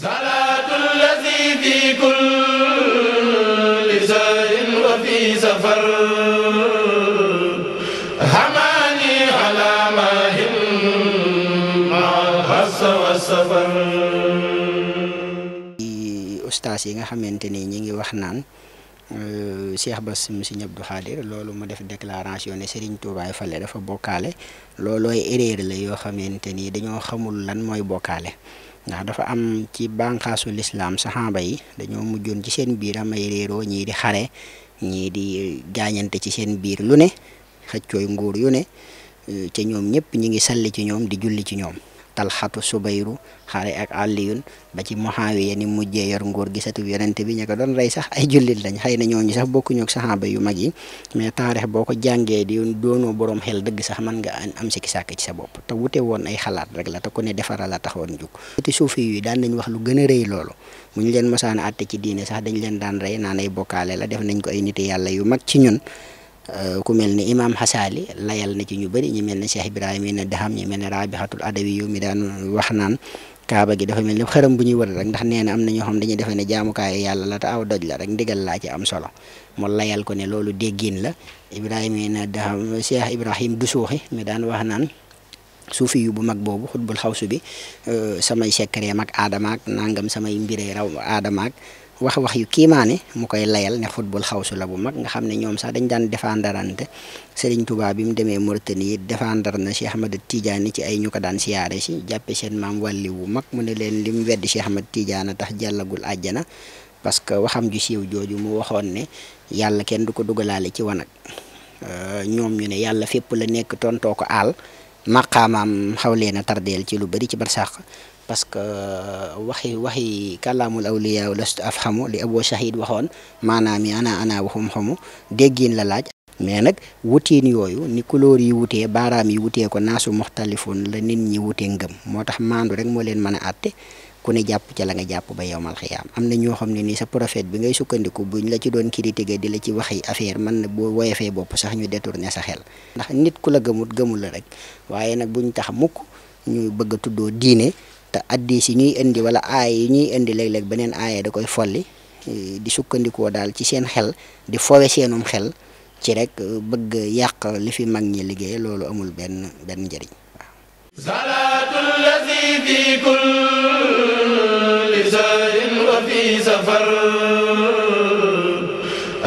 ustaas yi nga xamante ni ñi ngi wax naan euh, Cheikh Bass mu si Abdou Khadir loolu mu def déclaration ne Serigne Touba fale dafa bokkaale loolooy erreur la yoo xamante ni dañoo xamul lan mooy bokkaale ndax dafa am ci bànqaasu lislaam saxaaba yi dañoo mujjoon ci seen biir amay réeroo ñii di xare ñii di gaañante ci seen biir lu ne xëccooy nguur yu ne ca ñoom ñëpp ñi ngi salli ci ñoom di julli ci ñoom talxatu subayru xaale ak àlliyun ba ci muhaawiya ni mujjee yor nguur gisatu yonente bi ña ko doon rey sax ay jullit lañ xëy na ñooñu sax bokkuñu ak saxaaba yu mag yi mais taarix boo ko jàngee di doonoo boroom xel dëgg sax man nga am sikki sàkk ci sa bopp te wute woon ay xalaat rek la te ku ne defara la taxoon jug te suufi yu daan nañ wax lu gën a rëy loolu bu ñu leen mosaan atte ci diine sax dañ leen daan rey naan ay bokkaale la def nañ ko nit yàlla yu mag ci ñun Euh, ku mel ni imaam Xasaali layal na ci ñu bëri ñu mel ne Cheikh Ibrahima yi ne Daham ñu mel ne Rabihatul Adawi yu mi daan wax naan kaaba gi dafa mel ni xërëm bu ñuy wër rek ndax nee na am na ñoo xam dañuy defee ne jaamukaayu yàlla la te aw doj la rek ndigal laa ci am solo mu layal ko ne loolu déggin la Ibrahima yi ne Daham Cheikh Ibrahim du suuxi mi daan wax naan. suufi yu bu mag boobu xutbul xawsu bi euh, samay sekkareem ak aadamaak nangam samay mbiree raw aadamaak wax-wax yu kiimaane mu koy layal ne football xawsu la bu mag nga xam ne ñoom sax dañ daan défendarante Serigne Touba bi mu demee Mauritanie défendre na Cheikh ahmed Tidiane ci ay ñu ko daan siyaare si jàppe seen maam wàlli wu mag mu ne leen lim wedd Cheikh ahmed Tidiane tax jàllagul àjjana parce que waxam ju siiw jooju mu waxoon ne yàlla kenn du ko dugalaale ci wanag euh, ñoom ñu ne yàlla fépp la nekk tontoo ko aal maqaamaam xaw ci lu bari ci barsàq parce que waxi waxi kalamul awliya lastu afhamu li abu shahid waxoon maanaam ana ana wahum xamu degin la laaj mais nak wutiin yoyu ni couleur yi wutee baram yi wutee ko nasu mukhtalifun la nit ñi wutee ngam motax mandu rek mo leen mëna atté ku ne japp ci la nga japp ba yowmal khiyam amna ño xamni ni sa prophète bi ngay sukkandiku buñ la ci doon critiquer di la ci waxi affaire man na woyefé bop sax ñu détourner sa xel ndax nit ku la gëmut gëmul la rek waaye nak buñ tax mukk ñu bëgg tuddo diiné ta addi ci ñuy indi wala ay ñuy indi leg leg benen ay da koy folli e, di sukkandiko dal ci seen xel di fowé seenum xel ci rek e, bëgg yaq li fi mag ñi liggéey loolu amul ben ben njëriñ salatul ladhi fi kull lisan wa fi safar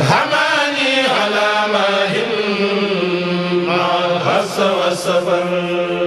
hamani ala ma hin ma hasa wa safar